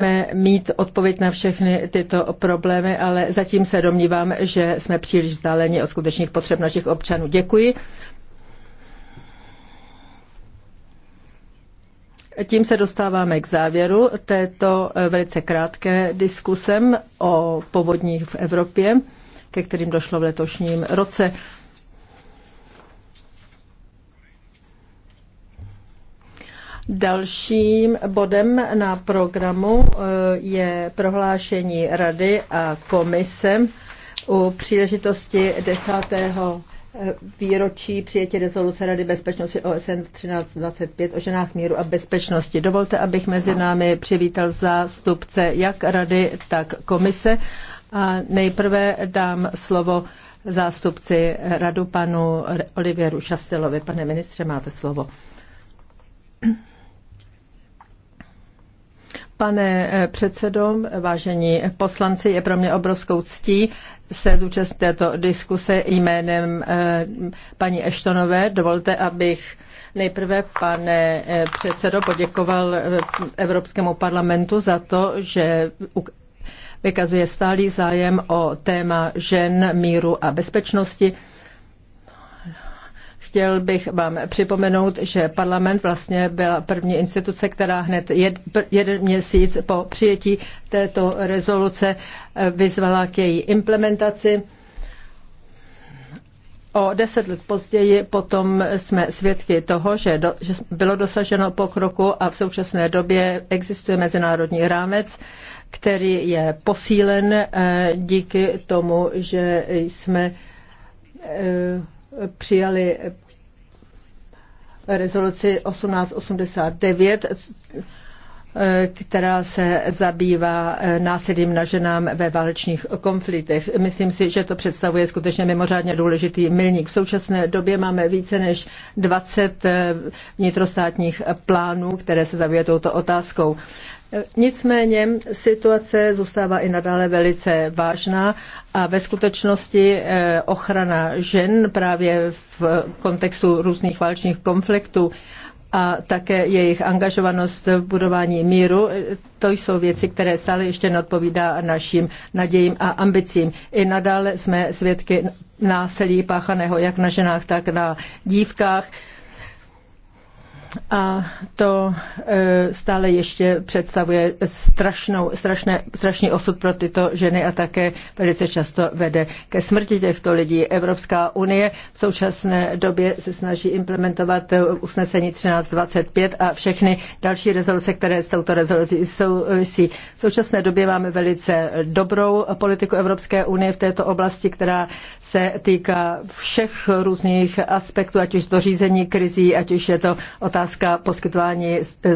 budeme mít odpověď na všechny tyto problémy, ale zatím se domnívám, že jsme příliš vzdáleni od skutečných potřeb našich občanů. Děkuji. Tím se dostáváme k závěru této eh, velice krátké diskusem o povodních v Evropě, ke kterým došlo v letošním roce. Dalším bodem na programu eh, je prohlášení Rady a komise u příležitosti desátého eh, výročí přijetí rezoluce Rady bezpečnosti OSN 1325 o ženách míru a bezpečnosti. Dovolte, abych mezi námi přivítal zástupce jak Rady, tak komise. A nejprve dám slovo zástupci radu panu Olivieru Šastelovi. Pane ministře, máte slovo. Pane eh, předsedo, vážení poslanci, je pro mě obrovskou ctí se zúčastnit této diskuse jménem eh, paní Eštonové. Dovolte, abych nejprve, pane eh, předsedo, poděkoval Evropskému parlamentu za to, že vykazuje stálý zájem o téma žen, míru a bezpečnosti. Chtěl bych vám připomenout, že parlament vlastně byla první instituce, která hned jed, jeden měsíc po přijetí této rezoluce eh, vyzvala k její implementaci. O deset let později potom jsme svědky toho, že, do, že bylo dosaženo pokroku a v současné době existuje mezinárodní rámec, který je posílen eh, díky tomu, že jsme eh, přijali rezoluci 1889, která se zabývá násilím na ženám ve válečných konfliktech. Myslím si, že to představuje skutečně mimořádně důležitý milník. V současné době máme více než 20 vnitrostátních plánů, které se zabývají touto otázkou. Nicméně situace zůstává i nadále velice vážná a ve skutečnosti eh, ochrana žen právě v kontextu různých válčních konfliktů a také jejich angažovanost v budování míru. Eh, to jsou věci, které stále ještě neodpovídá našim nadějím a ambicím. I nadále jsme svědky násilí páchaného jak na ženách, tak na dívkách a to e, stále ještě představuje strašnou, strašné, strašný osud pro tyto ženy a také velice často vede ke smrti těchto lidí. Evropská unie v současné době se snaží implementovat usnesení 1325 a všechny další rezoluce, které s touto rezolucí souvisí. V současné době máme velice dobrou politiku Evropské unie v této oblasti, která se týká všech různých aspektů, ať už to řízení krizí, ať už je to otázka otázka poskytování eh,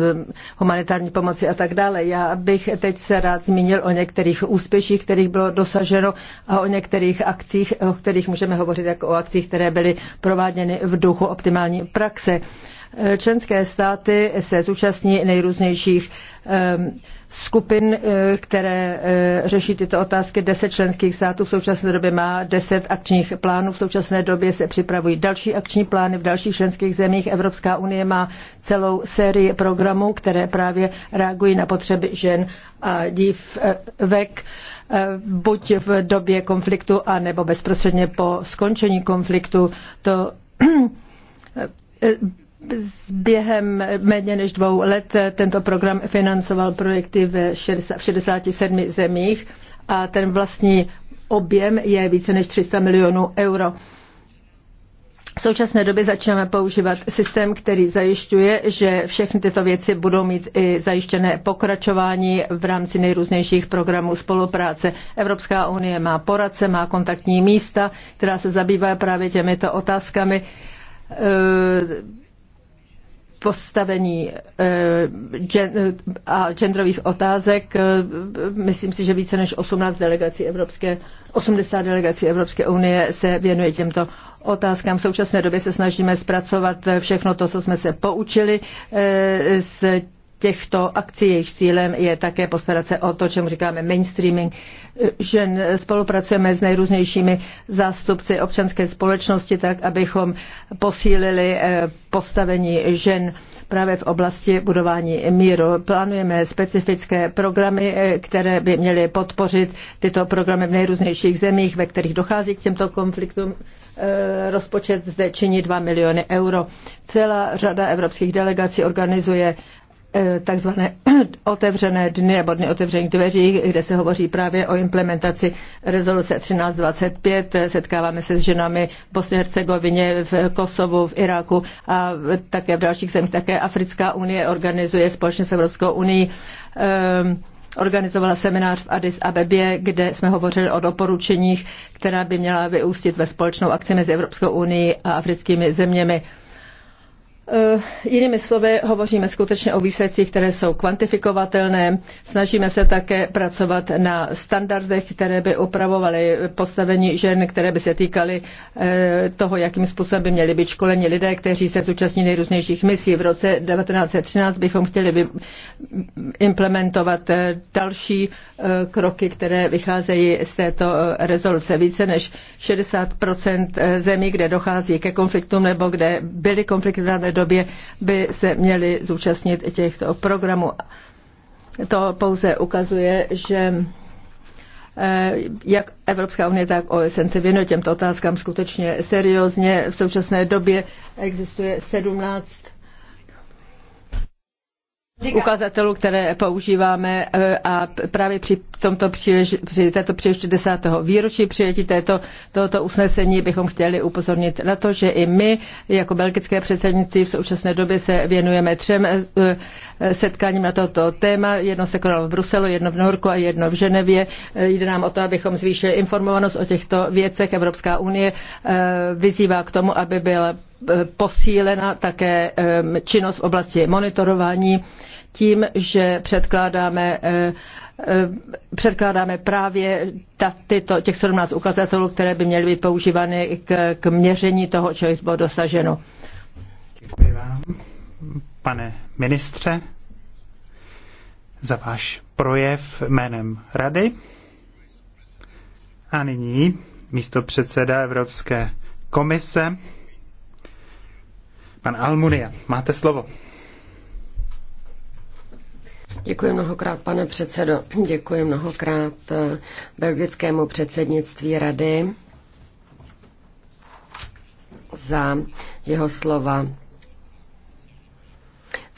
humanitární pomoci a tak dále. Já bych teď se rád zmínil o některých úspěších, kterých bylo dosaženo a o některých akcích, o kterých můžeme hovořit jako o akcích, které byly prováděny v duchu optimální praxe. Eh, členské státy se zúčastní nejrůznějších um, skupin, eh, které eh, řeší tyto otázky. Deset členských států v současné době má deset akčních plánů. V současné době se připravují další akční plány v dalších členských zemích. Evropská unie má celou sérii programů, které právě reagují na potřeby žen a dívek eh, buď v době konfliktu, anebo bezprostředně po skončení konfliktu. To Během méně než dvou let tento program financoval projekty ve 67 zemích a ten vlastní objem je více než 300 milionů euro. V současné době začínáme používat systém, který zajišťuje, že všechny tyto věci budou mít i zajištěné pokračování v rámci nejrůznějších programů spolupráce. Evropská unie má poradce, má kontaktní místa, která se zabývá právě těmito otázkami postavení eh, a genderových otázek. Eh, myslím si, že více než 18 delegací Evropské, 80 delegací Evropské unie se věnuje těmto otázkám. V současné době se snažíme zpracovat všechno to, co jsme se poučili eh, z těchto akcí, jejich cílem je také postarat se o to, čemu říkáme mainstreaming, že spolupracujeme s nejrůznějšími zástupci občanské společnosti, tak abychom posílili eh, postavení žen právě v oblasti budování míru. Plánujeme specifické programy, eh, které by měly podpořit tyto programy v nejrůznějších zemích, ve kterých dochází k těmto konfliktům. Eh, rozpočet zde činí 2 miliony euro. Celá řada evropských delegací organizuje Eh, takzvané otevřené dny nebo dny otevřených dveří, kde se hovoří právě o implementaci rezoluce 1325. Setkáváme se s ženami v Bosně Hercegovině, v Kosovu, v Iráku a také v dalších zemích. Také Africká unie organizuje společně s Evropskou unii um, organizovala seminář v Addis Abebě, kde jsme hovořili o doporučeních, která by měla vyústit ve společnou akci mezi Evropskou unii a africkými zeměmi. Eh, jinými slovy, hovoříme skutečně o výsledcích, které jsou kvantifikovatelné. Snažíme se také pracovat na standardech, které by upravovaly postavení žen, které by se týkaly eh, toho, jakým způsobem by měli být školeni lidé, kteří se zúčastní nejrůznějších misí. V roce 1913 bychom chtěli implementovat eh, další kroky, které vycházejí z této rezoluce. Více než 60 zemí, kde dochází ke konfliktům nebo kde byly konflikty v době by se měli zúčastnit těchto programů. To pouze ukazuje, že eh, jak Evropská unie, tak OSN se věnuje těmto otázkám skutečně seriózně. V současné době existuje 17 ukazatelů, které používáme eh, a právě při, tomto přílež, při této příležitosti 10. výročí přijetí této, tohoto usnesení bychom chtěli upozornit na to, že i my jako belgické předsednictví v současné době se věnujeme třem eh, eh, setkáním na toto téma. Jedno se konalo v Bruselu, jedno v Norku a jedno v Ženevě. Jde nám o to, abychom zvýšili informovanost o těchto věcech. Evropská unie vyzývá k tomu, aby byl posílena také činnost v oblasti monitorování tím, že předkládáme předkládáme právě tyto, těch 17 ukazatelů, které by měly být používány k, k měření toho, čeho bylo dosaženo. Děkuji vám, pane ministře, za váš projev jménem Rady. A nyní místo předseda Evropské komise Pan Almunia, máte slovo. Děkuji mnohokrát, pane předsedo. Děkuji mnohokrát eh, belgickému předsednictví rady za jeho slova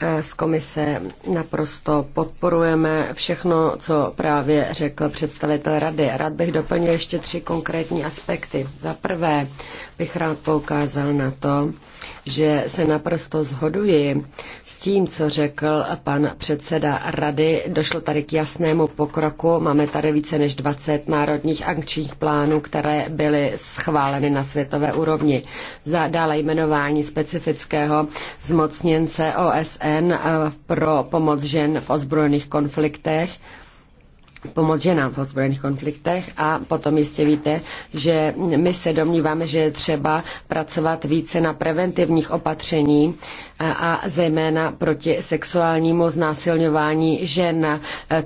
eh, z komise naprosto podporujeme všechno, co právě řekl představitel rady. Rád bych doplnil ještě tři konkrétní aspekty. Za prvé, bych rád poukázal na to, že se naprosto zhoduji s tím, co řekl pan předseda rady. Došlo tady k jasnému pokroku. Máme tady více než 20 národních akčních plánů, které byly schváleny na světové úrovni. Za dále jmenování specifického zmocněnce OSN eh, pro pomoc žen v ozbrojených konfliktech pomoc ženám v ozbrojených konfliktech a potom jistě víte, že my se domníváme, že je třeba pracovat více na preventivních opatření a zejména proti sexuálnímu znásilňování žen.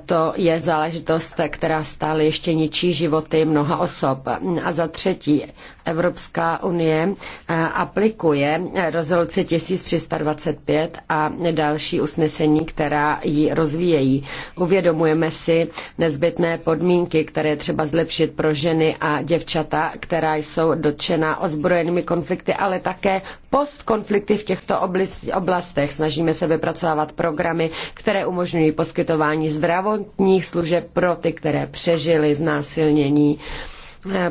To je záležitost, která stále ještě ničí životy mnoha osob. A za třetí, Evropská unie aplikuje rezoluci 1325 a další usnesení, která ji rozvíjejí. Uvědomujeme si nezbytné podmínky, které třeba zlepšit pro ženy a děvčata, která jsou dotčena ozbrojenými konflikty, ale také postkonflikty v těchto oblastech. Snažíme se vypracovávat programy, které umožňují poskytování zdravotních služeb pro ty, které přežily znásilnění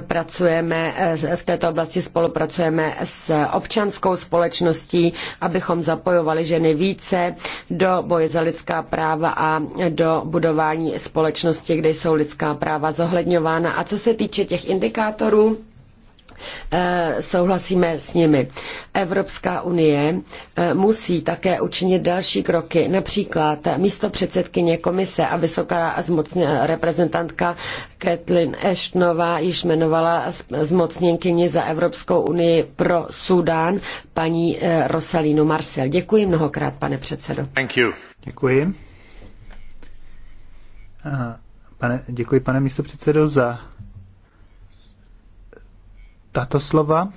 pracujeme eh, v této oblasti, spolupracujeme s občanskou společností, abychom zapojovali ženy více do boje za lidská práva a do budování společnosti, kde jsou lidská práva zohledňována. A co se týče těch indikátorů, Eh, souhlasíme s nimi. Evropská unie eh, musí také učinit další kroky, například místo předsedkyně komise a vysoká zmocně, reprezentantka Kathleen Ashtonová již jmenovala zmocněnkyni za Evropskou unii pro Súdán paní eh, Rosalínu Marcel. Děkuji mnohokrát, pane předsedo. Thank you. Děkuji. Pane, děkuji, pane místo předsedo, za tato slova.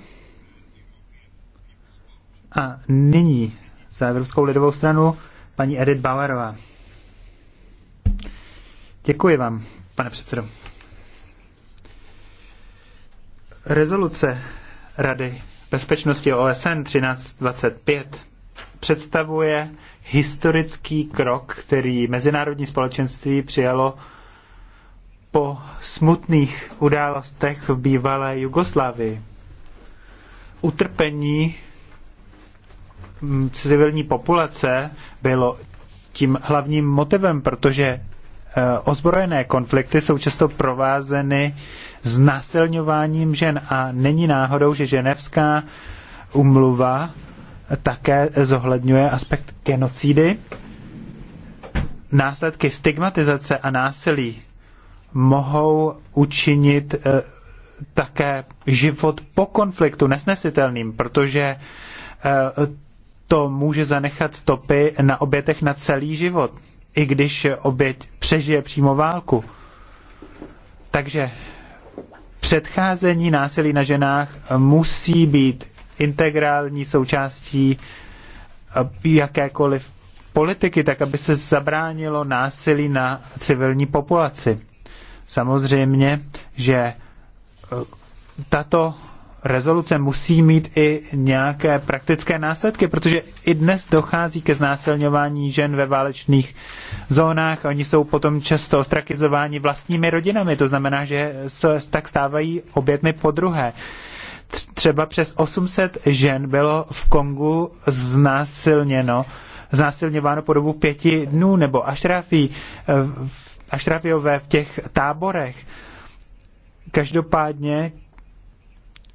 A nyní za Evropskou lidovou stranu paní Edith Bauerová. Děkuji vám, pane předsedo. Rezoluce Rady bezpečnosti OSN 1325 představuje historický krok, který mezinárodní společenství přijalo po smutných událostech v bývalé Jugoslávii. Utrpení mm, civilní populace bylo tím hlavním motivem, protože e, ozbrojené konflikty jsou často provázeny s nasilňováním žen a není náhodou, že ženevská umluva také zohledňuje aspekt genocídy, následky stigmatizace a násilí mohou učinit eh, také život po konfliktu nesnesitelným, protože eh, to může zanechat stopy na obětech na celý život, i když oběť přežije přímo válku. Takže předcházení násilí na ženách musí být integrální součástí eh, jakékoliv politiky, tak aby se zabránilo násilí na civilní populaci. Samozřejmě, že e, tato rezoluce musí mít i nějaké praktické následky, protože i dnes dochází ke znásilňování žen ve válečných zónách. Oni jsou potom často ostrakizováni vlastními rodinami, to znamená, že se tak stávají obětmi po druhé. Třeba přes 800 žen bylo v Kongu znásilněno znásilňováno po dobu pěti dnů, nebo Ašrafí e, Ašrafiové v těch táborech. Každopádně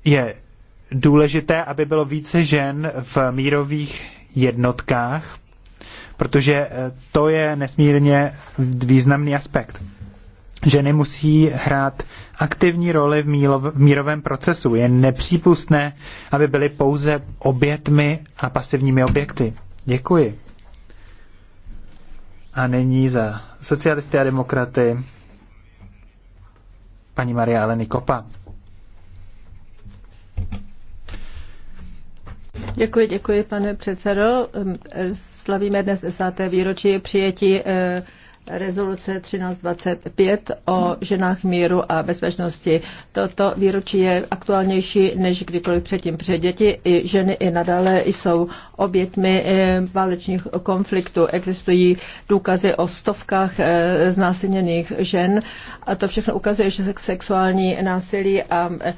je důležité, aby bylo více žen v mírových jednotkách, protože eh, to je nesmírně významný aspekt. Ženy musí hrát aktivní roli v, mílo, v mírovém procesu. Je nepřípustné, aby byly pouze obětmi a pasivními objekty. Děkuji. A nyní za socialisty a demokraty paní Maria Aleny Kopa. Děkuji, děkuji, pane předsedo. Slavíme dnes desáté výročí přijetí eh, rezoluce 1325 o ženách míru a bezpečnosti. Toto výročí je aktuálnější než kdykoliv předtím. Protože děti i ženy i nadále jsou obětmi eh, válečných konfliktů. Existují důkazy o stovkách eh, znásilněných žen a to všechno ukazuje, že sexuální násilí a eh,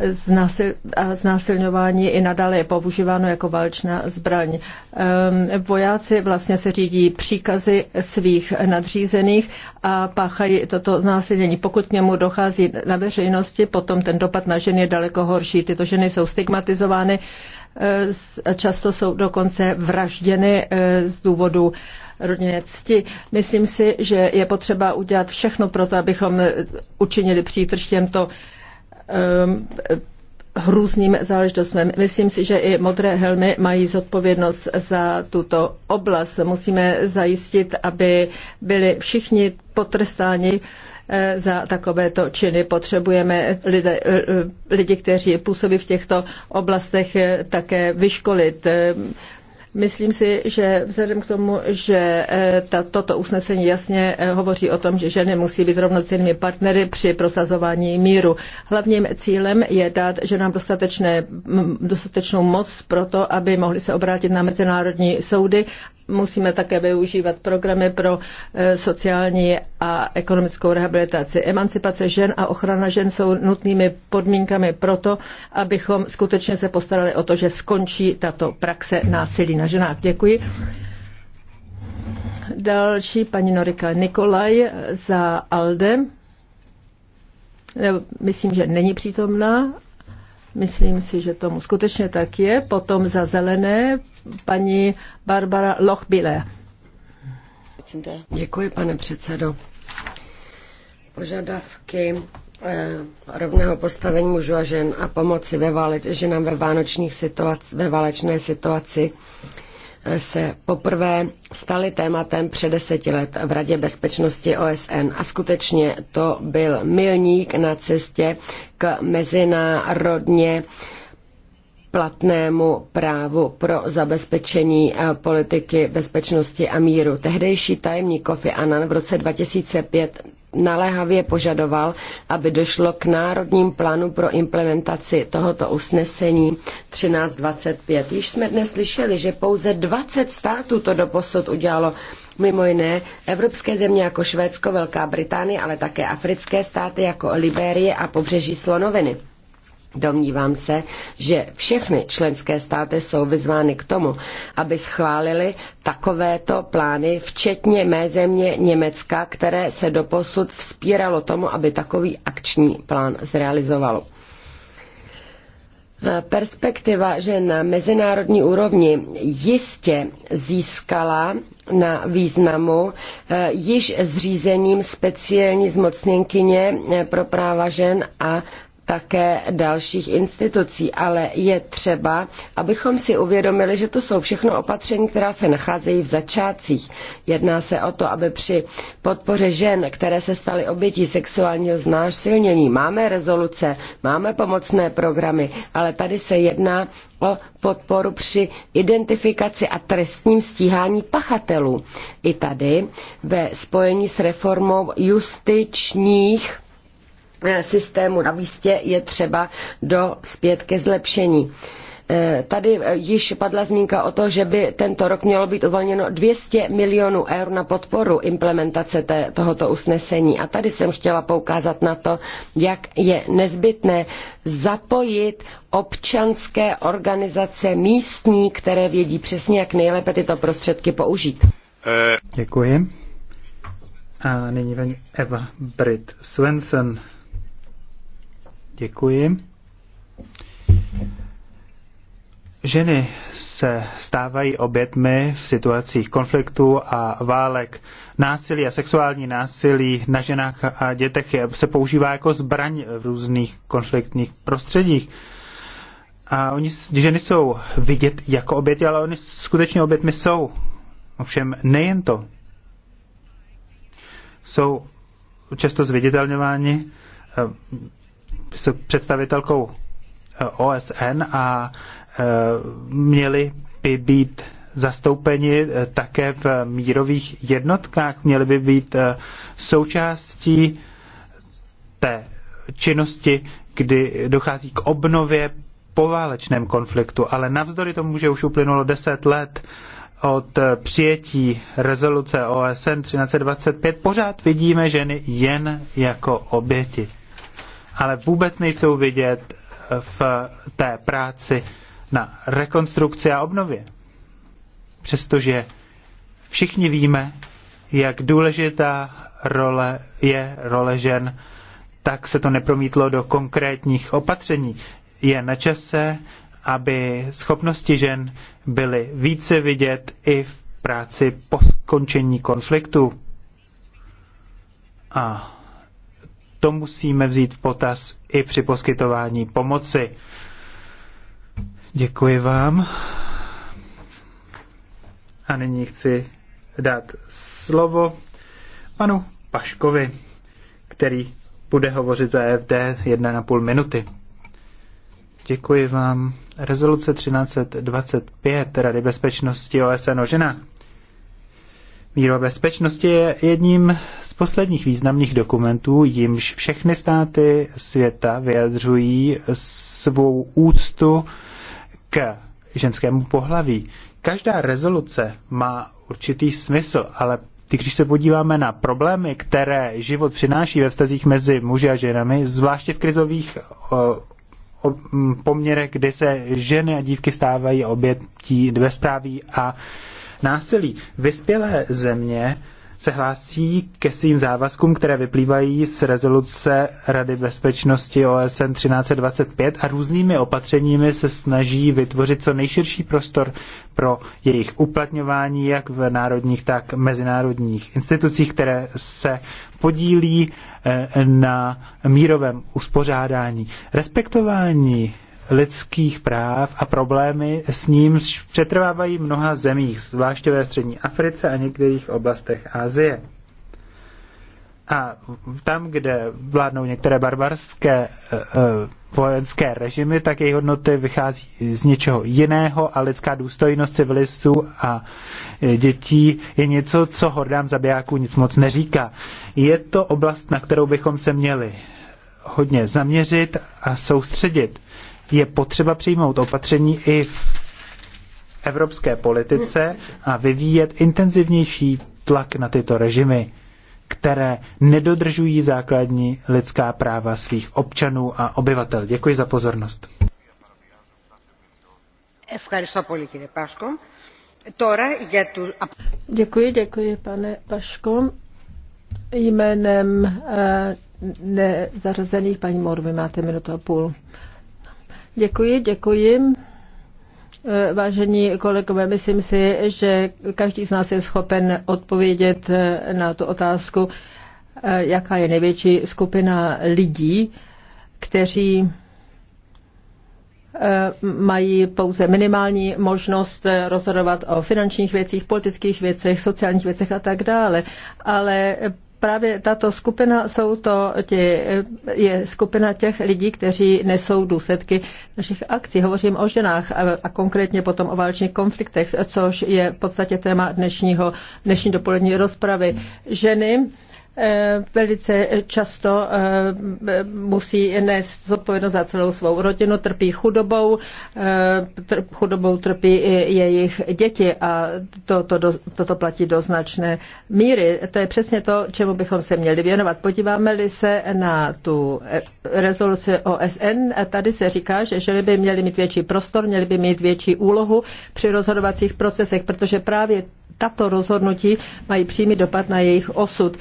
Znásil, a znásilňování i nadále je používáno jako válečná zbraň. Ehm, vojáci vlastně se řídí příkazy svých nadřízených a páchají toto znásilnění. Pokud k němu dochází na veřejnosti, potom ten dopad na ženy je daleko horší. Tyto ženy jsou stigmatizovány, ehm, často jsou dokonce vražděny ehm, z důvodu rodinné cti. Myslím si, že je potřeba udělat všechno pro to, abychom učinili přítrž těmto Um, hrůzným záležitostem. Myslím si, že i modré helmy mají zodpovědnost za tuto oblast. Musíme zajistit, aby byli všichni potrestáni eh, za takovéto činy. Potřebujeme lidé, eh, lidi, kteří působí v těchto oblastech, eh, také vyškolit. Myslím si, že vzhledem k tomu, že eh, ta, toto usnesení jasně eh, hovoří o tom, že ženy musí být rovnocennými partnery při prosazování míru. Hlavním cílem je dát ženám dostatečnou moc pro to, aby mohly se obrátit na mezinárodní soudy musíme také využívat programy pro e, sociální a ekonomickou rehabilitaci. Emancipace žen a ochrana žen jsou nutnými podmínkami proto, abychom skutečně se postarali o to, že skončí tato praxe násilí na ženách. Děkuji. Další paní Norika Nikolaj za ALDE. E, myslím, že není přítomná Myslím si, že tomu skutečně tak je. Potom za zelené paní Barbara Lochbile. Děkuji, pane předsedo. Požadavky eh, rovného postavení mužů a žen a pomoci ve válečných, ženám ve, vánočních situac, ve válečné situaci se poprvé staly tématem před deseti let v Radě bezpečnosti OSN a skutečně to byl milník na cestě k mezinárodně platnému právu pro zabezpečení eh, politiky bezpečnosti a míru. Tehdejší tajemník Kofi Annan v roce 2005 naléhavě požadoval, aby došlo k národním plánu pro implementaci tohoto usnesení 1325. Již jsme dnes slyšeli, že pouze 20 států to doposud udělalo. Mimo jiné evropské země jako Švédsko, Velká Británie, ale také africké státy jako Liberie a pobřeží Slonoviny. Domnívám se, že všechny členské státy jsou vyzvány k tomu, aby schválili takovéto plány, včetně mé země Německa, které se doposud vzpíralo tomu, aby takový akční plán zrealizovalo. Eh, perspektiva, že na mezinárodní úrovni jistě získala na významu eh, již zřízením speciální zmocněnkyně eh, pro práva žen a také dalších institucí, ale je třeba, abychom si uvědomili, že to jsou všechno opatření, která se nacházejí v začátcích. Jedná se o to, aby při podpoře žen, které se staly obětí sexuálního znásilnění, máme rezoluce, máme pomocné programy, ale tady se jedná o podporu při identifikaci a trestním stíhání pachatelů. I tady ve spojení s reformou justičních Eh, systému na místě je třeba dospět ke zlepšení. Eh, tady eh, již padla zmínka o to, že by tento rok mělo být uvolněno 200 milionů eur na podporu implementace té, tohoto usnesení. A tady jsem chtěla poukázat na to, jak je nezbytné zapojit občanské organizace místní, které vědí přesně, jak nejlépe tyto prostředky použít. Děkuji. A nyní Eva Britt Svensson Děkuji. Ženy se stávají obětmi v situacích konfliktů a válek. Násilí a sexuální násilí na ženách a dětech se používá jako zbraň v různých konfliktních prostředích. A oni, ženy jsou vidět jako oběti, ale oni skutečně obětmi jsou. Ovšem nejen to. Jsou často zviditelňováni s představitelkou eh, OSN a eh, měli by být zastoupeni eh, také v mírových jednotkách, měli by být součástí té činnosti, kdy dochází k obnově poválečném konfliktu, ale navzdory tomu, že už uplynulo deset let od přijetí rezoluce OSN 1325, pořád vidíme ženy jen jako oběti ale vůbec nejsou vidět eh, v té práci na rekonstrukci a obnově. Přestože všichni víme, jak důležitá role je role žen, tak se to nepromítlo do konkrétních opatření. Je na čase, aby schopnosti žen byly více vidět i v práci po skončení konfliktu. A to musíme vzít v potaz i při poskytování pomoci. Děkuji vám. A nyní chci dát slovo panu Paškovi, který bude hovořit za EFD 1,5 minuty. Děkuji vám. Rezoluce 1325 Rady bezpečnosti OSN o ženách Míra bezpečnosti je jedním z posledních významných dokumentů, jimž všechny státy světa vyjadřují svou úctu k ženskému pohlaví. Každá rezoluce má určitý smysl, ale když se podíváme na problémy, které život přináší ve vztazích mezi muži a ženami, zvláště v krizových poměrech, kdy se ženy a dívky stávají obětí bezpráví a násilí. Vyspělé země se hlásí ke svým závazkům, které vyplývají z rezoluce Rady bezpečnosti OSN 1325 a různými opatřeními se snaží vytvořit co nejširší prostor pro jejich uplatňování jak v národních, tak mezinárodních institucích, které se podílí eh, na mírovém uspořádání. Respektování lidských práv a problémy s ním přetrvávají v mnoha zemích, zvláště ve střední Africe a některých oblastech Asie. A tam, kde vládnou některé barbarské eh, eh, vojenské režimy, tak jejich hodnoty vychází z něčeho jiného a lidská důstojnost civilistů a eh, dětí je něco, co hordám zabijáků nic moc neříká. Je to oblast, na kterou bychom se měli hodně zaměřit a soustředit je potřeba přijmout opatření i v evropské politice a vyvíjet intenzivnější tlak na tyto režimy, které nedodržují základní lidská práva svých občanů a obyvatel. Děkuji za pozornost. Děkuji, děkuji, pane Paško. Jménem eh, nezařazených paní Morvy máte minutu a půl. Děkuji, děkuji. E, vážení kolegové, myslím si, že každý z nás je schopen odpovědět e, na tu otázku, e, jaká je největší skupina lidí, kteří mají pouze minimální možnost rozhodovat o finančních věcích, politických věcech, sociálních věcech a tak dále. Ale právě tato skupina jsou to tě, je skupina těch lidí, kteří nesou důsledky našich akcí. Hovořím o ženách a, a konkrétně potom o válečných konfliktech, což je v podstatě téma dnešního, dnešní dopolední rozpravy. Ženy Eh, velice často eh, musí nést zodpovědnost za celou svou rodinu, trpí chudobou, eh, chudobou trpí i jejich děti a to, to, toto platí do značné míry. To je přesně to, čemu bychom se měli věnovat. Podíváme-li se na tu rezoluci OSN, tady se říká, že ženy by měly mít větší prostor, měly by mít větší úlohu při rozhodovacích procesech, protože právě tato rozhodnutí mají přímý dopad na jejich osud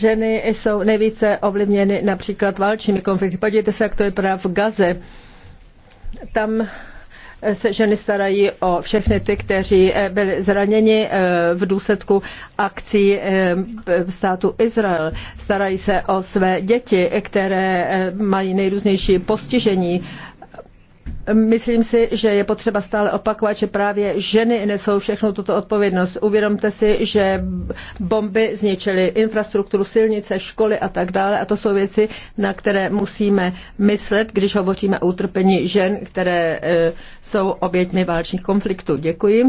ženy jsou nejvíce ovlivněny například válčními konflikty. Podívejte se, jak to je právě v Gaze. Tam se ženy starají o všechny ty, kteří eh, byli zraněni eh, v důsledku akcí eh, státu Izrael. Starají se o své děti, které mají nejrůznější postižení. Myslím si, že je potřeba stále opakovat, že právě ženy nesou všechno tuto odpovědnost. Uvědomte si, že bomby zničily infrastrukturu, silnice, školy a tak dále. A to jsou věci, na které musíme myslet, když hovoříme o utrpení žen, které e, jsou oběťmi válčních konfliktů. Děkuji.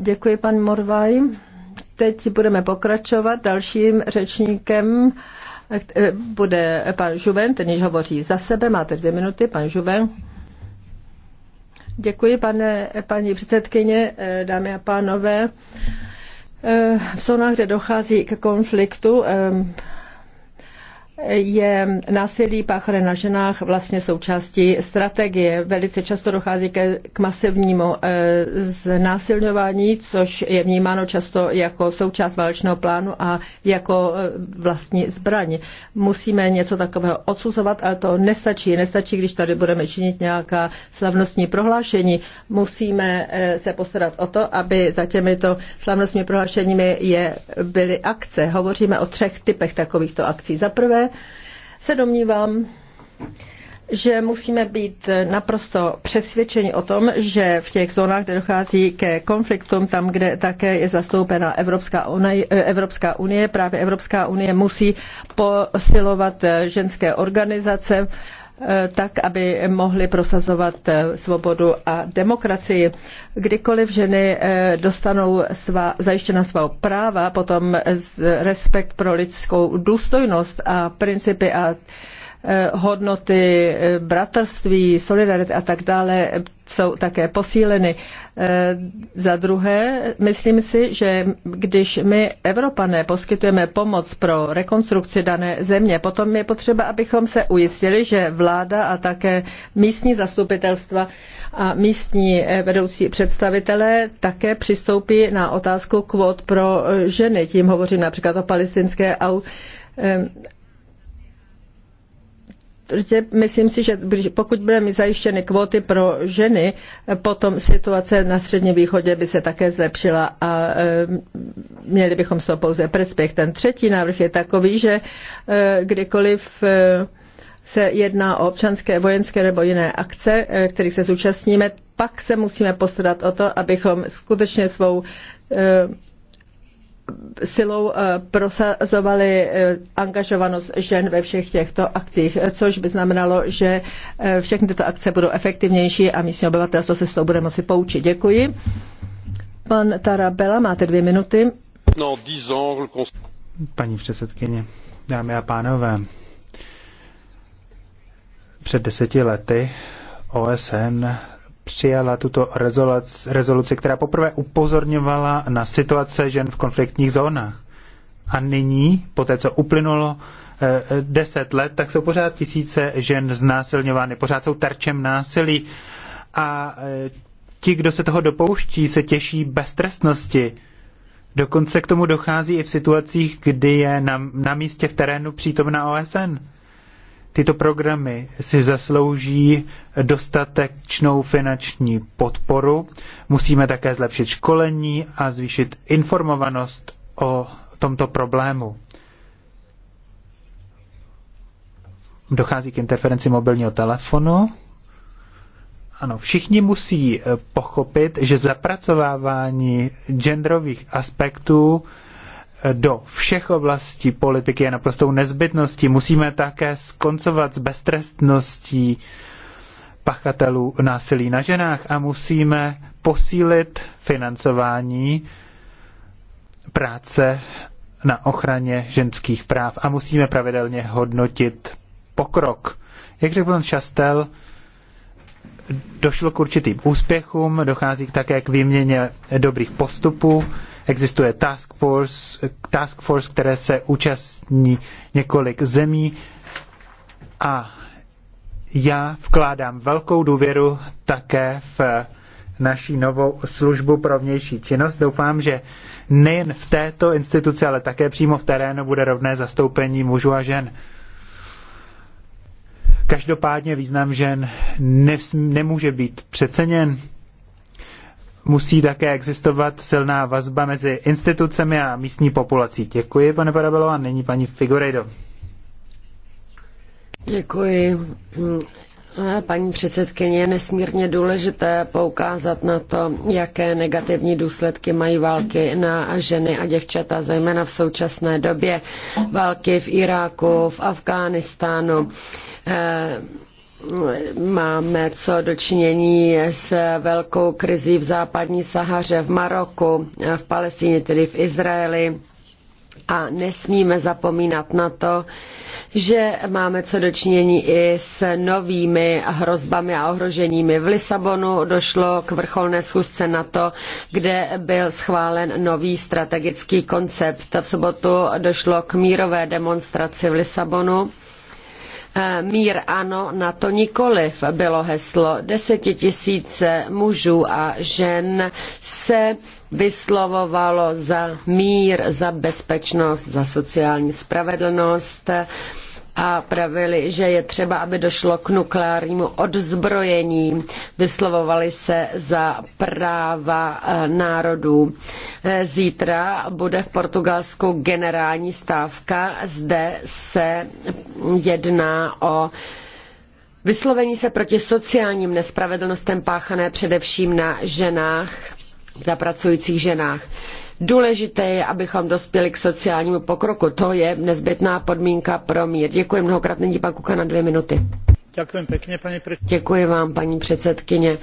Děkuji, pan Morvaj. Teď budeme pokračovat dalším řečníkem e, bude pan Žuven, ten již hovoří za sebe, máte dvě minuty, pan Žuven. Děkuji, pane, paní předsedkyně, eh, dámy a pánové. Eh, v Sonáře dochází k konfliktu eh, je násilí páchané na ženách vlastně součástí strategie. Velice často dochází ke, k masivnímu e, znásilňování, což je vnímáno často jako součást válečného plánu a jako e, vlastní zbraň. Musíme něco takového odsuzovat, ale to nestačí. Nestačí, když tady budeme činit nějaká slavnostní prohlášení. Musíme e, se postarat o to, aby za těmito slavnostními prohlášeními je, byly akce. Hovoříme o třech typech takovýchto akcí. Za prvé, se domnívám, že musíme být naprosto přesvědčeni o tom, že v těch zónách, kde dochází ke konfliktům, tam, kde také je zastoupena Evropská unie, eh, Evropská unie právě Evropská unie musí posilovat eh, ženské organizace, Eh, tak, aby mohli prosazovat eh, svobodu a demokracii. Kdykoliv ženy eh, dostanou svá, zajištěna svá práva, potom respekt pro lidskou důstojnost a principy a Eh, hodnoty eh, bratrství, solidarity a tak dále jsou také posíleny. Eh, za druhé, myslím si, že když my Evropané poskytujeme pomoc pro rekonstrukci dané země, potom je potřeba, abychom se ujistili, že vláda a také místní zastupitelstva a místní vedoucí představitelé také přistoupí na otázku kvót pro ženy. Tím hovořím například o palestinské protože myslím si, že pokud budeme mít zajištěny kvóty pro ženy, potom situace na Středním východě by se také zlepšila a e, měli bychom z toho pouze perspekt. Ten třetí návrh je takový, že e, kdykoliv e, se jedná o občanské, vojenské nebo jiné akce, kterých se zúčastníme, pak se musíme postarat o to, abychom skutečně svou silou eh, prosazovali eh, angažovanost žen ve všech těchto akcích, což by znamenalo, že eh, všechny tyto akce budou efektivnější a místní obyvatelstvo se s toho bude moci poučit. Děkuji. Pan Tarabela, máte dvě minuty. No, Paní předsedkyně, dámy a pánové, před deseti lety OSN přijala tuto rezoluci, která poprvé upozorňovala na situace žen v konfliktních zónách. A nyní, po té, co uplynulo eh, deset let, tak jsou pořád tisíce žen znásilňovány, pořád jsou terčem násilí a eh, ti, kdo se toho dopouští, se těší beztrestnosti. Dokonce k tomu dochází i v situacích, kdy je na, na místě v terénu přítomna OSN. Tyto programy si zaslouží dostatečnou finanční podporu. Musíme také zlepšit školení a zvýšit informovanost o tomto problému. Dochází k interferenci mobilního telefonu. Ano, všichni musí eh, pochopit, že zapracovávání genderových aspektů do všech oblastí politiky je naprostou nezbytností. Musíme také skoncovat s beztrestností pachatelů násilí na ženách a musíme posílit financování práce na ochraně ženských práv a musíme pravidelně hodnotit pokrok. Jak řekl pan Šastel, došlo k určitým úspěchům, dochází také k výměně dobrých postupů Existuje task force, task force, které se účastní několik zemí a já vkládám velkou důvěru také v naší novou službu pro vnější činnost. Doufám, že nejen v této instituci, ale také přímo v terénu bude rovné zastoupení mužů a žen. Každopádně význam žen nemůže být přeceněn musí také existovat silná vazba mezi institucemi a místní populací. Děkuji, pane Parabelo, a nyní paní Figurejdo. Děkuji. Eh, paní předsedkyně, je nesmírně důležité poukázat na to, jaké negativní důsledky mají války na ženy a děvčata, zejména v současné době. Války v Iráku, v Afghánistánu. Eh, máme co dočinění s velkou krizí v západní Sahaře, v Maroku, v Palestině, tedy v Izraeli. A nesmíme zapomínat na to, že máme co dočinění i s novými hrozbami a ohroženími. V Lisabonu došlo k vrcholné schůzce NATO, kde byl schválen nový strategický koncept. V sobotu došlo k mírové demonstraci v Lisabonu Eh, mír ano, na to nikoliv bylo heslo. Desetitisíce mužů a žen se vyslovovalo za mír, za bezpečnost, za sociální spravedlnost a pravili, že je třeba, aby došlo k nukleárnímu odzbrojení. Vyslovovali se za práva eh, národů. Eh, zítra bude v Portugalsku generální stávka. Zde se jedná o vyslovení se proti sociálním nespravedlnostem páchané především na ženách, na pracujících ženách. Důležité je, abychom dospěli k sociálnímu pokroku. To je nezbytná podmínka pro mír. Děkuji mnohokrát. Není pan Kuka na dvě minuty. Děkuji pěkně, paní Děkuji vám, paní předsedkyně.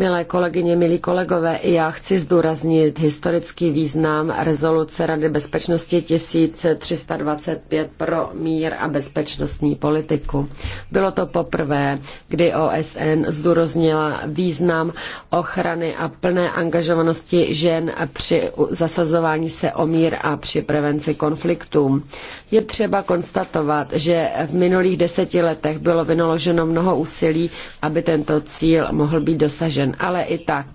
Milé kolegyně, milí kolegové, já chci zdůraznit historický význam rezoluce Rady bezpečnosti 1325 pro mír a bezpečnostní politiku. Bylo to poprvé, kdy OSN zdůraznila význam ochrany a plné angažovanosti žen při zasazování se o mír a při prevenci konfliktů. Je třeba konstatovat, že v minulých deseti letech bylo vynaloženo mnoho úsilí, aby tento cíl mohl být dosažen žen, ale i tak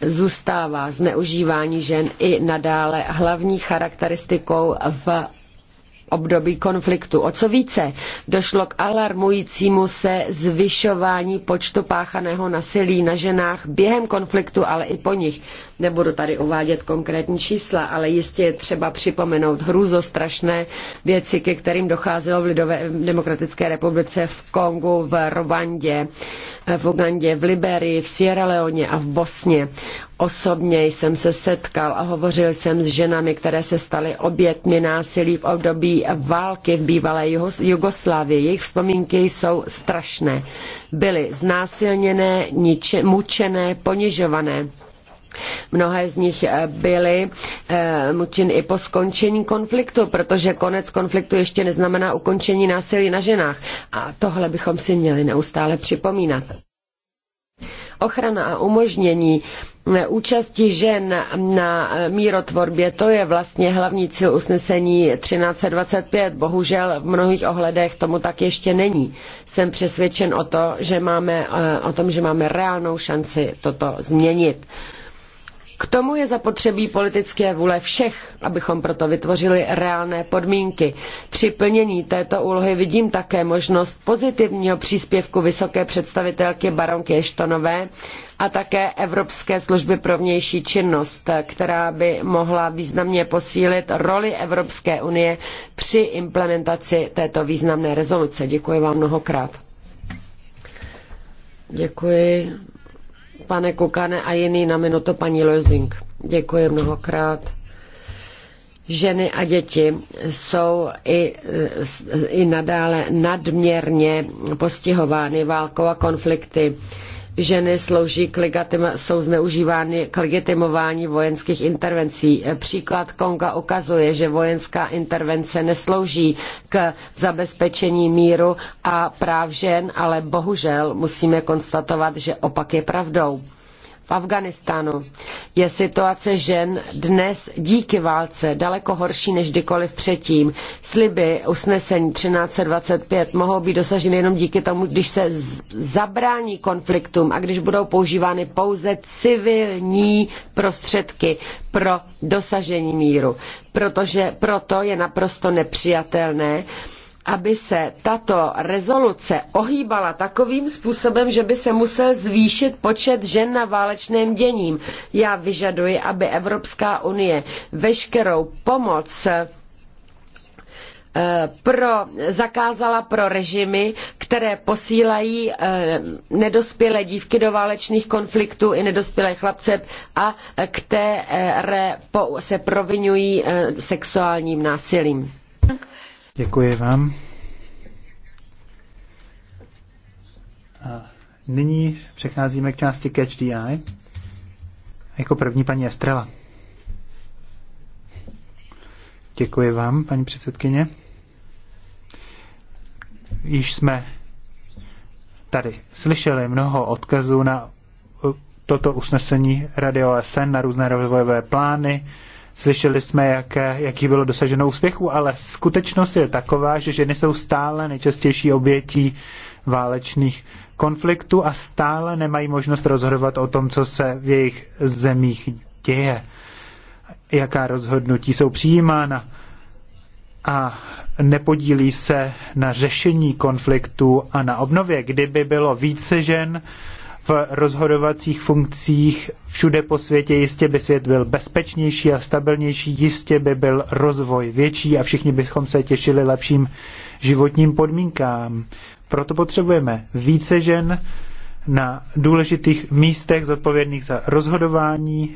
zůstává zneužívání žen i nadále hlavní charakteristikou v období konfliktu. O co více, došlo k alarmujícímu se zvyšování počtu páchaného nasilí na ženách během konfliktu, ale i po nich. Nebudu tady uvádět konkrétní čísla, ale jistě je třeba připomenout hrůzostrašné věci, ke kterým docházelo v Lidové demokratické republice v Kongu, v Rwandě, v Ugandě, v Liberii, v Sierra Leone a v Bosně. Osobně jsem se setkal a hovořil jsem s ženami, které se staly obětmi násilí v období války v bývalé Jugoslávii. Jejich vzpomínky jsou strašné. Byly znásilněné, niče, mučené, ponižované. Mnohé z nich eh, byly eh, mučeny i po skončení konfliktu, protože konec konfliktu ještě neznamená ukončení násilí na ženách. A tohle bychom si měli neustále připomínat. Ochrana a umožnění účasti žen na e, mírotvorbě, to je vlastně hlavní cíl usnesení 1325. Bohužel v mnohých ohledech tomu tak ještě není. Jsem přesvědčen o, to, že máme, e, o tom, že máme reálnou šanci toto změnit. K tomu je zapotřebí politické vůle všech, abychom proto vytvořili reálné podmínky. Při plnění této úlohy vidím také možnost pozitivního příspěvku vysoké představitelky baronky Eštonové a také Evropské služby pro vnější činnost, která by mohla významně posílit roli Evropské unie při implementaci této významné rezoluce. Děkuji vám mnohokrát. Děkuji pane Kukane a jiný na minutu paní Lozing. Děkuji mnohokrát. Ženy a děti jsou i, i nadále nadměrně postihovány válkou a konflikty ženy slouží k jsou zneužívány k legitimování vojenských intervencí. Příklad Konga ukazuje, že vojenská intervence neslouží k zabezpečení míru a práv žen, ale bohužel musíme konstatovat, že opak je pravdou v Afganistánu. Je situace žen dnes díky válce daleko horší než kdykoliv předtím. Sliby usnesení 1325 mohou být dosaženy jenom díky tomu, když se zabrání konfliktům a když budou používány pouze civilní prostředky pro dosažení míru. Protože proto je naprosto nepřijatelné, aby se tato rezoluce ohýbala takovým způsobem, že by se musel zvýšit počet žen na válečném děním. Já vyžaduji, aby Evropská unie veškerou pomoc eh, pro, zakázala pro režimy, které posílají eh, nedospělé dívky do válečných konfliktů i nedospělé chlapce a které se provinují eh, sexuálním násilím. Děkuji vám. A nyní přecházíme k části Catch the Eye. Jako první paní Estrela. Děkuji vám, paní předsedkyně. Již jsme tady slyšeli mnoho odkazů na uh, toto usnesení Radio SN na různé rozvojové plány, Slyšeli jsme, jak, jaký bylo dosaženo úspěchu, ale skutečnost je taková, že ženy jsou stále nejčastější obětí válečných konfliktů a stále nemají možnost rozhodovat o tom, co se v jejich zemích děje, jaká rozhodnutí jsou přijímána a nepodílí se na řešení konfliktu a na obnově. Kdyby bylo více žen, v rozhodovacích funkcích všude po světě, jistě by svět byl bezpečnější a stabilnější, jistě by byl rozvoj větší a všichni bychom se těšili lepším životním podmínkám. Proto potřebujeme více žen na důležitých místech zodpovědných za rozhodování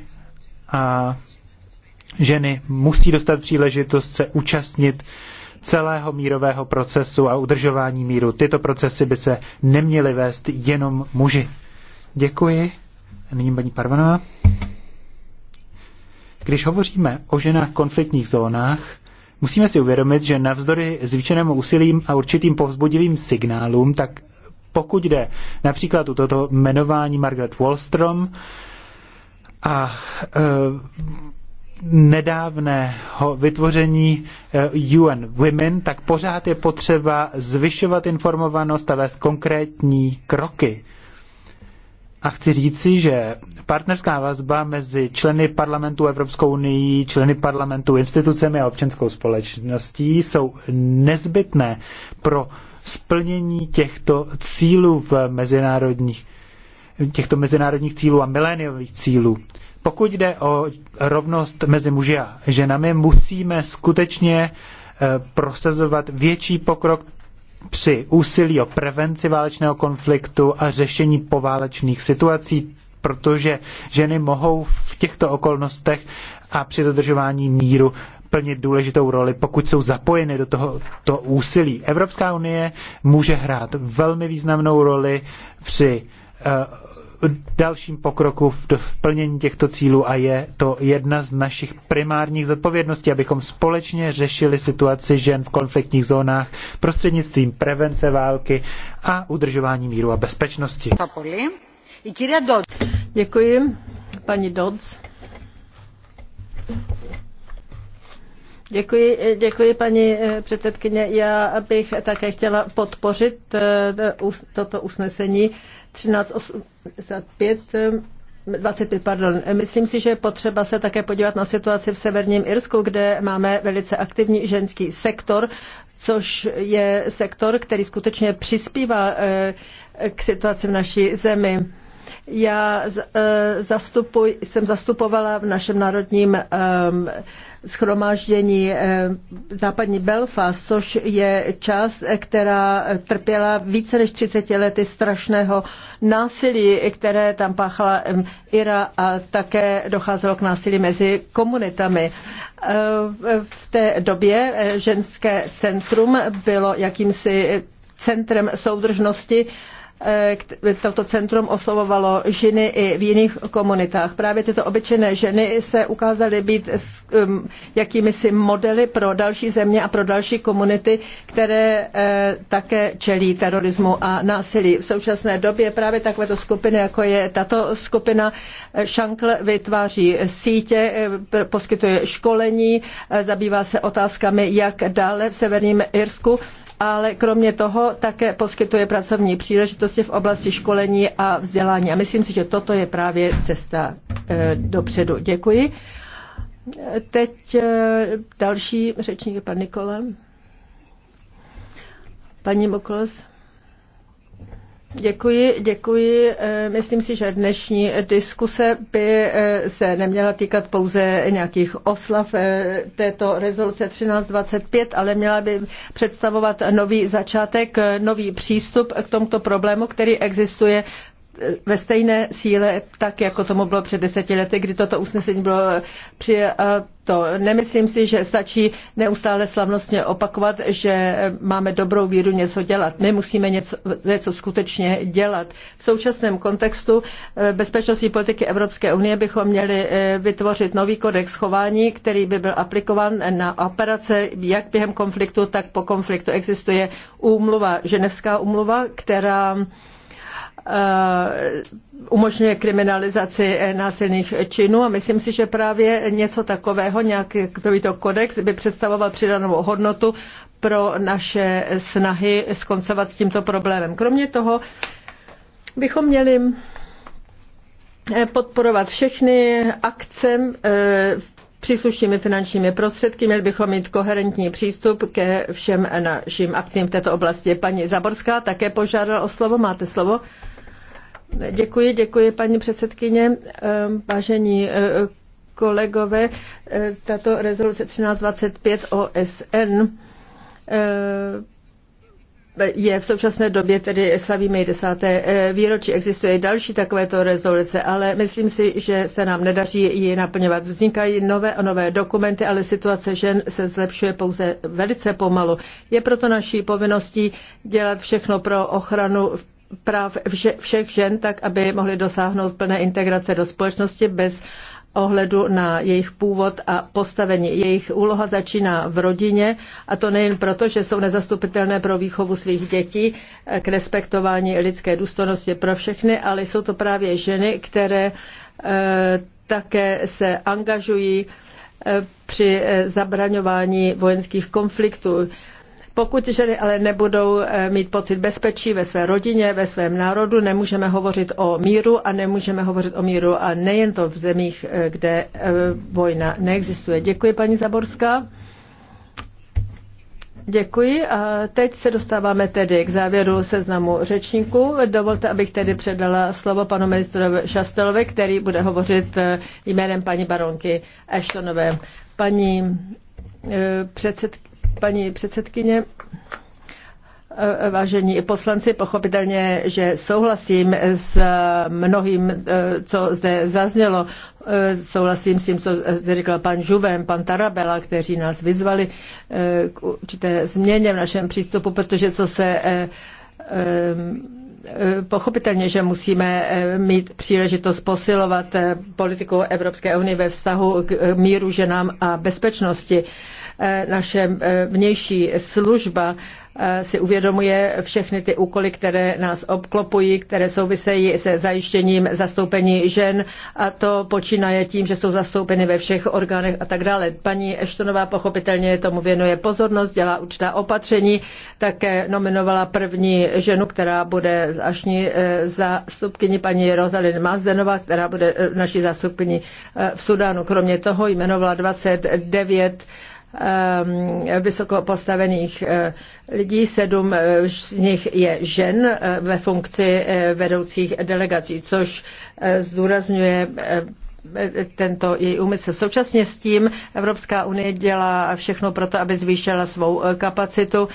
a ženy musí dostat příležitost se účastnit celého mírového procesu a udržování míru. Tyto procesy by se neměly vést jenom muži. Děkuji. Nyní paní Parvanová. Když hovoříme o ženách v konfliktních zónách, musíme si uvědomit, že navzdory zvýšenému úsilím a určitým povzbudivým signálům, tak pokud jde například o toto jmenování Margaret Wallstrom a e, nedávného vytvoření eh, UN Women, tak pořád je potřeba zvyšovat informovanost a vést konkrétní kroky. A chci říci, že partnerská vazba mezi členy parlamentu Evropskou unii, členy parlamentu, institucemi a občanskou společností jsou nezbytné pro splnění těchto cílů v mezinárodních, těchto mezinárodních cílů a miléniových cílů. Pokud jde o rovnost mezi muži a ženami, musíme skutečně eh, prosazovat větší pokrok při úsilí o prevenci válečného konfliktu a řešení poválečných situací, protože ženy mohou v těchto okolnostech a při dodržování míru plnit důležitou roli, pokud jsou zapojeny do tohoto úsilí. Evropská unie může hrát velmi významnou roli při eh, dalším pokroku v, v plnění těchto cílů a je to jedna z našich primárních zodpovědností, abychom společně řešili situaci žen v konfliktních zónách prostřednictvím prevence války a udržování míru a bezpečnosti. Děkuji, paní Dodds. Děkuji, děkuji paní eh, předsedkyně. Já bych také chtěla podpořit eh, toto usnesení 25, pardon. Myslím si, že je potřeba se také podívat na situaci v severním Irsku, kde máme velice aktivní ženský sektor, což je sektor, který skutečně přispívá eh, k situaci v naší zemi. Já eh, zastupuj, jsem zastupovala v našem národním eh, schromáždění eh, západní Belfast, což je část, která trpěla více než 30 lety strašného násilí, které tam páchala Ira a také docházelo k násilí mezi komunitami. Eh, v té době eh, ženské centrum bylo jakýmsi centrem soudržnosti Eh, toto centrum oslovovalo ženy i v jiných komunitách. Právě tyto obyčejné ženy se ukázaly být jakými si modely pro další země a pro další komunity, které eh, také čelí terorismu a násilí. V současné době právě takovéto skupiny, jako je tato skupina, Šankl eh, vytváří sítě, poskytuje školení, zabývá se otázkami, jak dále v severním Irsku ale kromě toho také poskytuje pracovní příležitosti v oblasti školení a vzdělání. A myslím si, že toto je právě cesta eh, dopředu. Děkuji. Teď eh, další řečník, pan Nikola. Paní Moklos. Děkuji, děkuji. Eh, myslím si, že dnešní diskuse by eh, se neměla týkat pouze nějakých oslav eh, této rezoluce 1325, ale měla by představovat nový začátek, nový přístup k tomuto problému, který existuje ve stejné síle, tak jako tomu bylo před deseti lety, kdy toto usnesení bylo přijato to. Nemyslím si, že stačí neustále slavnostně opakovat, že máme dobrou víru něco dělat. My musíme něco, něco skutečně dělat. V současném kontextu eh, bezpečnostní politiky Evropské unie bychom měli eh, vytvořit nový kodex chování, který by byl aplikován na operace jak během konfliktu, tak po konfliktu. Existuje úmluva, ženevská úmluva, která Eh, umožňuje kriminalizaci eh, násilných činů a myslím si, že právě něco takového, nějaký takovýto kodex by představoval přidanou hodnotu pro naše snahy skoncovat s tímto problémem. Kromě toho bychom měli eh, podporovat všechny akce příslušnými finančními prostředky. Měli bychom mít koherentní přístup ke všem našim akcím v této oblasti. Paní Zaborská také požádala o slovo. Máte slovo? Děkuji, děkuji paní předsedkyně. Ehm, vážení eh, kolegové, eh, tato rezoluce 1325 OSN eh, je v současné době, tedy slavíme i desáté výročí, existuje i další takovéto rezoluce, ale myslím si, že se nám nedaří ji naplňovat. Vznikají nové a nové dokumenty, ale situace žen se zlepšuje pouze velice pomalu. Je proto naší povinností dělat všechno pro ochranu práv všech žen, tak aby mohly dosáhnout plné integrace do společnosti bez ohledu na jejich původ a postavení. Jejich úloha začíná v rodině a to nejen proto, že jsou nezastupitelné pro výchovu svých dětí k respektování lidské důstojnosti pro všechny, ale jsou to právě ženy, které eh, také se angažují eh, při eh, zabraňování vojenských konfliktů. Pokud ženy ale nebudou eh, mít pocit bezpečí ve své rodině, ve svém národu, nemůžeme hovořit o míru a nemůžeme hovořit o míru a nejen to v zemích, eh, kde eh, vojna neexistuje. Děkuji, paní Zaborská. Děkuji a teď se dostáváme tedy k závěru seznamu řečníků. Dovolte, abych tedy předala slovo panu ministrovi Šastelovi, který bude hovořit jménem paní baronky Eštonové. Paní předsedkyně. Paní předsedkyně, Vážení poslanci, pochopitelně, že souhlasím s mnohým, co zde zaznělo. Souhlasím s tím, co zde říkal pan Žuvem, pan Tarabela, kteří nás vyzvali k určité změně v našem přístupu, protože co se pochopitelně, že musíme mít příležitost posilovat politiku Evropské unie ve vztahu k míru ženám a bezpečnosti. Eh, naše eh, vnější služba eh, si uvědomuje všechny ty úkoly, které nás obklopují, které souvisejí se zajištěním zastoupení žen a to počínaje tím, že jsou zastoupeny ve všech orgánech a tak dále. Paní Eštonová pochopitelně tomu věnuje pozornost, dělá určitá opatření, také nominovala první ženu, která bude až zástupkyni paní Rozalin Mazdenová, která bude naší zástupkyni v Sudánu. Kromě toho jmenovala 29 Ehm, vysoko postavených eh, lidí, sedm eh, z nich je žen eh, ve funkci vedoucích delegací, což zdůrazňuje tento její úmysl. Současně s tím Evropská unie dělá všechno pro to, aby zvýšila svou eh, kapacitu,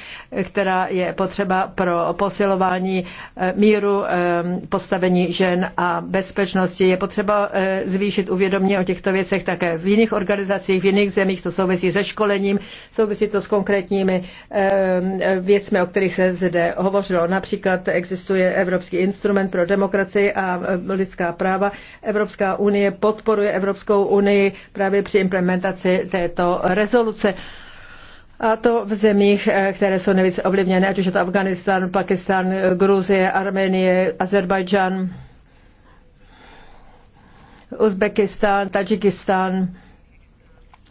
která je potřeba pro posilování eh, míru, eh, postavení žen a bezpečnosti. Je potřeba zvýšit uvědomě o těchto věcech také v jiných organizacích, v jiných zemích. To souvisí se školením, souvisí to s konkrétními věcmi, o kterých se zde hovořilo. Například existuje Evropský instrument pro demokracii a lidská práva. Evropská unie pod podporuje Evropskou unii právě při implementaci této rezoluce. A to v zemích, eh, které jsou nejvíce ovlivněné, ať už je to Afganistán, Pakistan, Gruzie, Arménie, Azerbajdžan, Uzbekistán, Tadžikistán,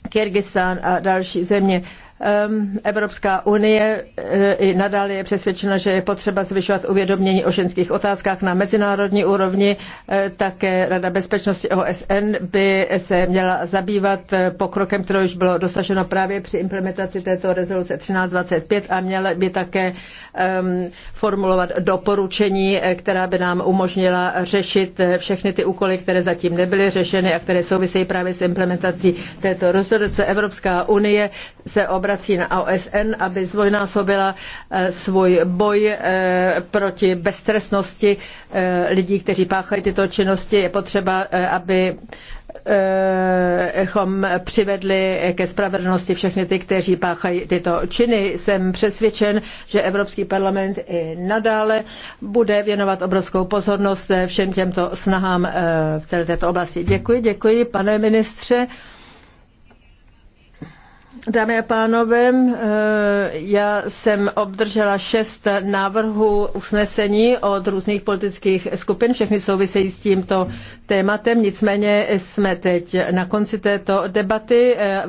Kyrgyzstán a další země. Ehm, Evropská unie eh, i nadále je přesvědčena, že je potřeba zvyšovat uvědomění o ženských otázkách na mezinárodní úrovni. Eh, také Rada bezpečnosti OSN by se měla zabývat eh, pokrokem, které už bylo dosaženo právě při implementaci této rezoluce 1325 a měla by také ehm, formulovat doporučení, která by nám umožnila řešit všechny ty úkoly, které zatím nebyly řešeny a které souvisejí právě s implementací této rezoluce. Evropská unie se obrá prací na OSN, aby zdvojnásobila eh, svůj boj eh, proti beztrestnosti eh, lidí, kteří páchají tyto činnosti. Je potřeba, aby chom přivedli ke spravedlnosti všechny ty, kteří páchají tyto činy. Jsem přesvědčen, že Evropský parlament i nadále bude věnovat obrovskou pozornost všem těmto snahám v celé této oblasti. Děkuji, děkuji, pane ministře. Dámy a pánové, eh, já jsem obdržela šest návrhů usnesení od různých politických skupin, všechny souvisejí s tímto tématem, nicméně jsme teď na konci této debaty. Eh,